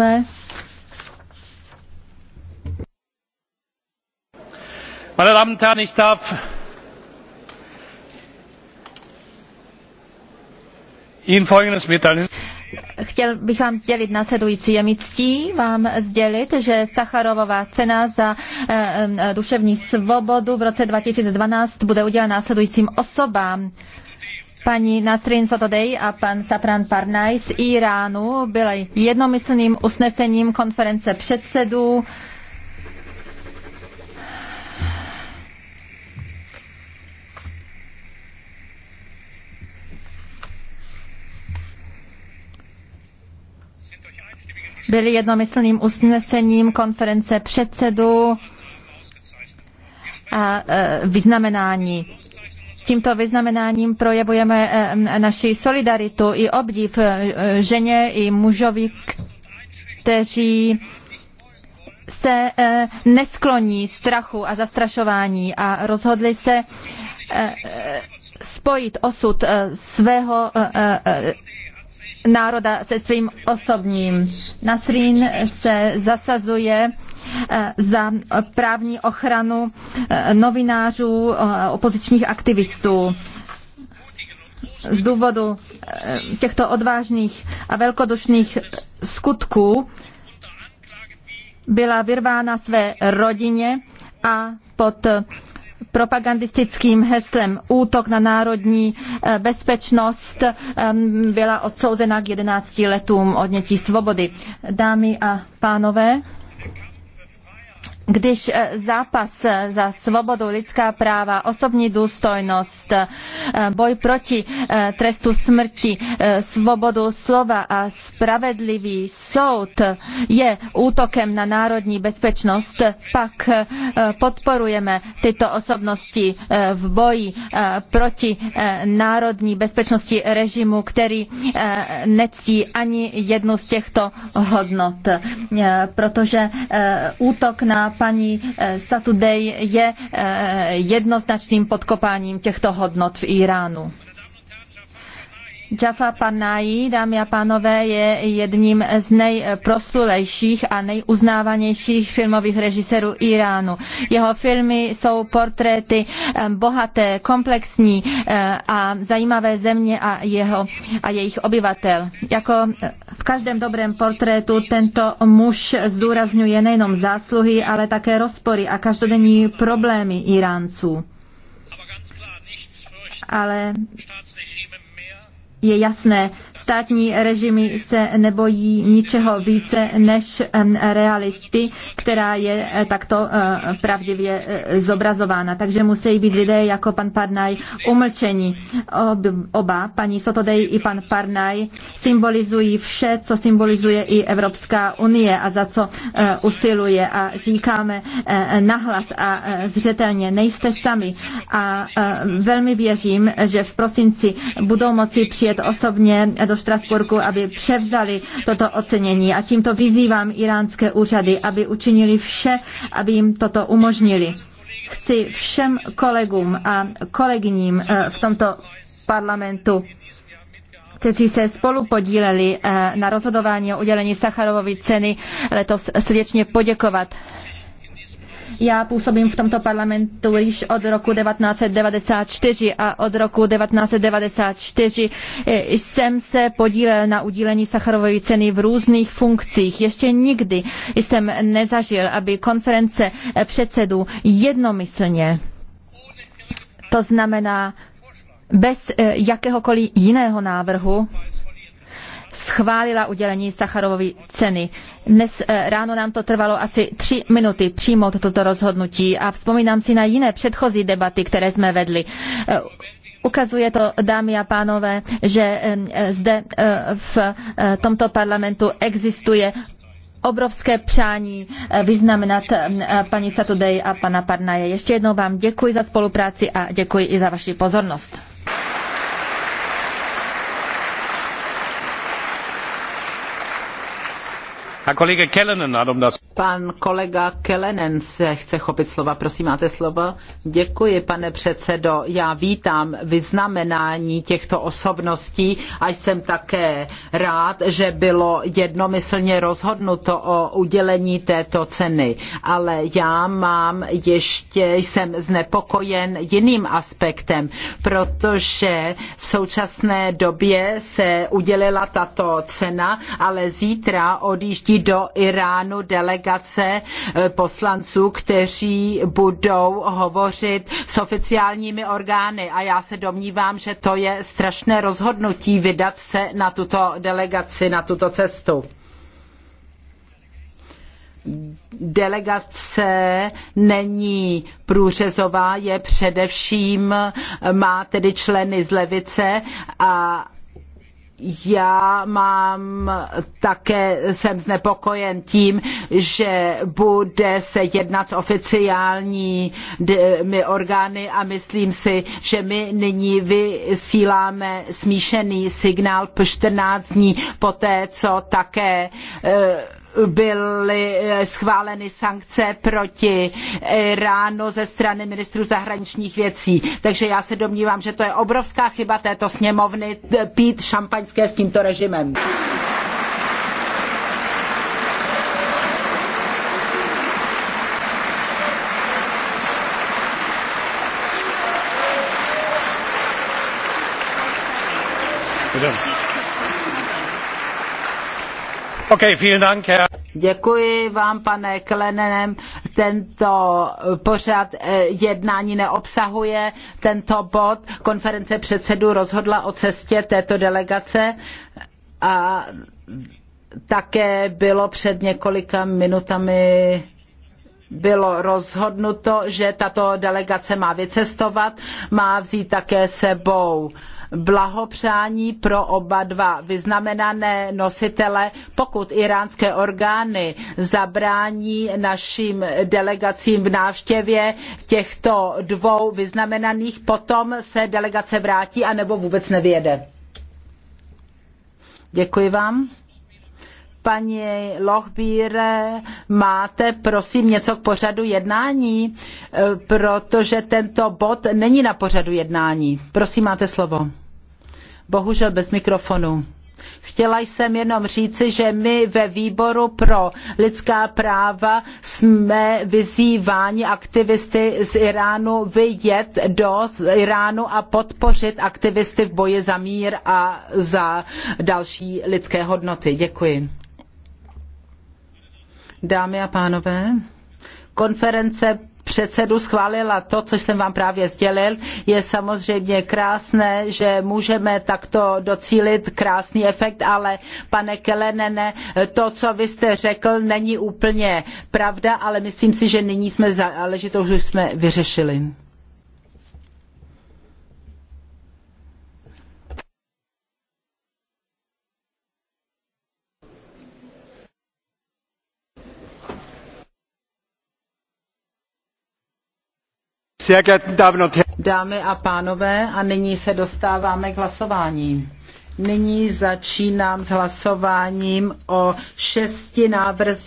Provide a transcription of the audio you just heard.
pánové. Meine Damen und Herren, ich darf Ihnen folgendes mitteilen. Chtěl bych vám sdělit následující. Je mi ctí vám sdělit, že Sacharovová cena za eh, eh, duševní svobodu v roce 2012 bude udělena následujícím osobám. Pani Nasrin Sotodej a pan Safran Parnaj z Iránu byli jednomyslným usnesením konference předsedů byli jednomyslným usnesením konference předsedů a e, vyznamenání tímto vyznamenáním projevujeme eh, naši solidaritu i obdiv eh, ženě i mužovi, kteří se eh, neskloní strachu a zastrašování a rozhodli se spojit osud svého národa se svým osobním. Nasrin se zasazuje eh, za právní ochranu eh, novinářů, eh, opozičních aktivistů. Z důvodu těchto odvážných a velkodušných skutků byla vyrvána své rodině a pod propagandistickým heslem Útok na národní eh, bezpečnost eh, byla odsouzena k 11 letům odnětí svobody. Dámy a pánové, když eh, zápas eh, za svobodu, lidská práva, osobní důstojnost, eh, boj proti trestu smrti, svobodu slova a spravedlivý soud je útokem na národní bezpečnost, pak podporujeme tyto osobnosti v boji proti národní bezpečnosti režimu, který nectí ani jednu z těchto hodnot, protože útok na paní eh, Satudej je eh, jednoznačným podkopáním těchto hodnot v Iránu. Jaffa Panayi, dámy a pánové, je jedním z nejproslulejších a nejuznávanějších filmových režisérů Iránu. Jeho filmy jsou portréty eh, bohaté, komplexní eh, a zajímavé země a, jeho, a jejich obyvatel. Jako eh, v každém dobrém portrétu tento muž zdůrazňuje nejenom zásluhy, ale také rozpory a každodenní problémy Iránců. Ale je jasné, státní režimy se nebojí ničeho více než reality, která je eh, takto eh, pravdivě eh, zobrazována. Takže musí být lidé jako pan Parnaj umlčeni. Oba, paní Sotodej i pan Parnaj, symbolizují vše, co symbolizuje i Evropská unie a za co usiluje. A říkáme nahlas a zřetelně, nejste sami. A velmi věřím, že v prosinci budou moci přijet osobně do Štrasburku, aby převzali toto ocenění a tímto vyzývám iránské úřady, aby učinili vše, aby jim toto umožnili. Chci všem kolegům a kolegyním eh, v tomto parlamentu kteří se spolu podíleli eh, na rozhodování o udělení Sacharovovy ceny letos srdečně poděkovat. Já působím v tomto parlamentu již od roku 1994 a od roku 1994 jsem se podílel na udílení Sacharovy ceny v různých funkcích. Ještě nikdy jsem nezažil, aby konference předsedů jednomyslně to znamená bez eh, jakéhokoliv jiného návrhu schválila udělení Sacharovovy ceny. Dnes eh, ráno nám to trvalo asi tři minuty přijmout toto rozhodnutí a vzpomínám si na jiné předchozí debaty, které jsme vedli. Eh, ukazuje to, dámy a pánové, že eh, zde v tomto parlamentu existuje obrovské přání vyznamenat paní Satudej a pana Parnaje. Ještě jednou vám děkuji za spolupráci a děkuji i za vaši pozornost. Um Pan kolega Kellenen se chce chopit slova. Prosím, máte slovo. Děkuji, pane předsedo. Já vítám vyznamenání těchto osobností a jsem také rád, že bylo jednomyslně rozhodnuto o udělení této ceny. Ale já mám ještě, jsem znepokojen jiným aspektem, protože v současné době se udělila tato cena, ale zítra odjíždí do Iránu delegace eh, poslanců, kteří budou hovořit s oficiálními orgány. A já se domnívám, že to je strašné rozhodnutí vydat se na tuto delegaci, na tuto cestu delegace není průřezová, je především, má tedy členy z levice a já mám také, jsem znepokojen tím, že bude se jednat s oficiálními orgány a myslím si, že my nyní vysíláme smíšený signál po 14 dní poté, co také eh, byly eh, schváleny sankce proti Iránu ze strany ministrů zahraničních věcí. Takže já se domnívám, že to je obrovská chyba této sněmovny pít šampaňské s tímto režimem. Okay, vielen Dank, Herr. Děkuji vám, pane Klenenem. Tento pořad eh, jednání neobsahuje tento bod. Konference předsedů rozhodla o cestě této delegace a také bylo před několika minutami bylo rozhodnuto, že tato delegace má vycestovat, má vzít také sebou blahopřání pro oba dva vyznamenané nositele, pokud iránské orgány zabrání našim delegacím v návštěvě těchto dvou vyznamenaných, potom se delegace vrátí anebo vůbec nevyjede. Děkuji vám. Paní Lochbíre, máte prosím něco k pořadu jednání, e, protože tento bod není na pořadu jednání. Prosím, máte slovo. Bohužel bez mikrofonu. Chtěla jsem jenom říci, že my ve výboru pro lidská práva jsme vyzýváni aktivisty z Iránu vyjet do Iránu a podpořit aktivisty v boji za mír a za další lidské hodnoty. Děkuji. Dámy a pánové, konference předsedu schválila to, co jsem vám právě sdělil. Je samozřejmě krásné, že můžeme takto docílit krásný efekt, ale pane Kelenene, to, co vy jste řekl, není úplně pravda, ale myslím si, že nyní jsme záležitou, už jsme vyřešili. Dámy a pánové, a nyní se dostáváme k hlasování. Nyní začínám s hlasováním o šesti návrzích.